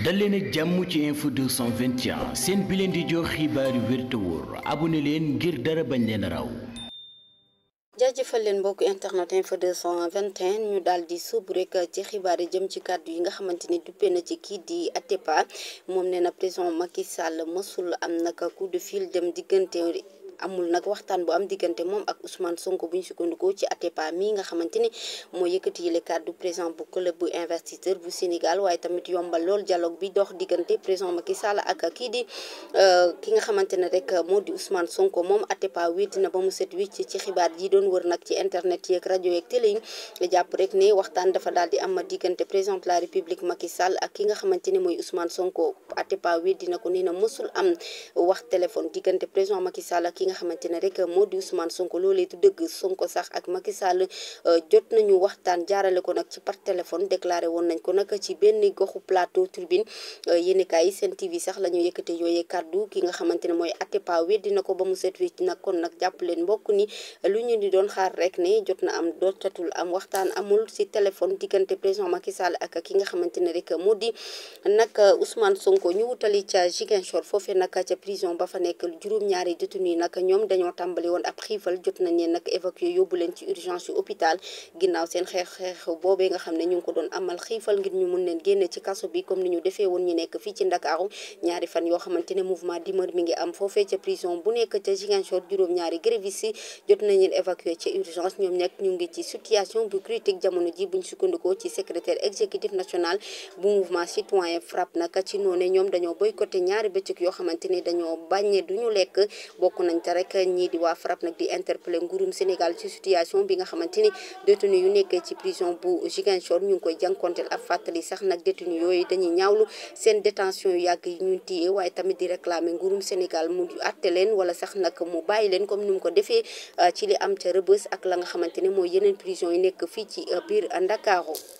dal leen ak jàmm ci info 221 seen bi leen di jox xibaaru yu wér abu wóor leen ngir dara bañ leen raw jaajëfal leen mbokk internet info 221 ñu daal di suub rek ci xibaar yi jëm ci kàddu yi nga xamante ni duppe na ci kii di Atépa moom nee na président Macky Sall mësul am naka coup de fil dem diggante amul nag waxtaan bu am diggante moom ak Ousmane Sonko bu ñu sukkandikoo ci Atepa mi nga xamante ni moo yëkkati yile kàddu président bu club bu investisseur bu Sénégal waaye tamit yombal lool dialogue bi dox diggante président Macky Sall ak kii di euh, ki nga xamante ne rek moo di Ousmane Sonko moom Atepa wéet na ba mu set wicc ci xibaar yi doon wër nag ci internet yeeg rajo yeeg télé jàpp rek ne waxtaan dafa daal di am diggante président la République Macky Sall ak ki nga xamante ne mooy Ousmane Sonko Atepa wéet dina ko nee na mësul am wax téléphone diggante président Macky Sall ak ki nga xamante ne rek moo di Ousmane Sonko loolee du dëgg Sonko sax ak Macky Sall euh, jot nañu waxtaan jaarale ko nag ci par téléphone déclaré woon nañ ko nag ci benn goxu plateau tribune euh, yéenekaay yi seen TV sax la ñu yëkkate yooyee kaddu ki nga xamante ne mooy Atepa weddi na ko ba mu set wecc nag kon nag jàpp leen mbokk ni lu ñu di doon xaar rek ne jot na am dootatul am waxtaan amul si téléphone diggante président Macky Sall ak ki nga xamante ne rek moo di nag euh, Ousmane Sonko ñu nekk juróom ñoom dañoo tàmbali woon ab xiifal jot nañ leen nag évacué ci urgence yu hôpital ginnaaw seen xeex-xeex boobee nga xam ne ñu ngi ko doon amal xiifal ngir ñu mun leen génne ci kaso bi comme ni ñu defee woon ñu nekk fii ci Ndakaaru ñaari fan yoo xamante ne mouvement d'humeur mi ngi am foofee ca prison bu nekk ca Ziguinchor juróom ñaari grévistes yi jot nañ leen évacué urgence ñoom nag ñu ngi ci situation bu critique jamono ji buñ sukkandikoo yoo xamante ne dañoo bàññee duñu laata rek ñii di waa FRAPP nag di interpeller nguurum Sénégal ci situation bi nga xamante ni détenu yu nekkee ci prison bu Ziguinchor ñu ngi koy jànkonteel ab fàttali sax nag détenu yooyu dañuy ñaawlu seen détention yu yàgg yi ñu téye waaye tamit di réclamer nguurum Sénégal mu àtte leen wala sax nag mu bàyyi leen comme ni mu ko defee euh, ci li am ca Rebeuss ak la nga xamante ne mooy yeneen prison yi nekk fii ci euh, biir Ndakaaru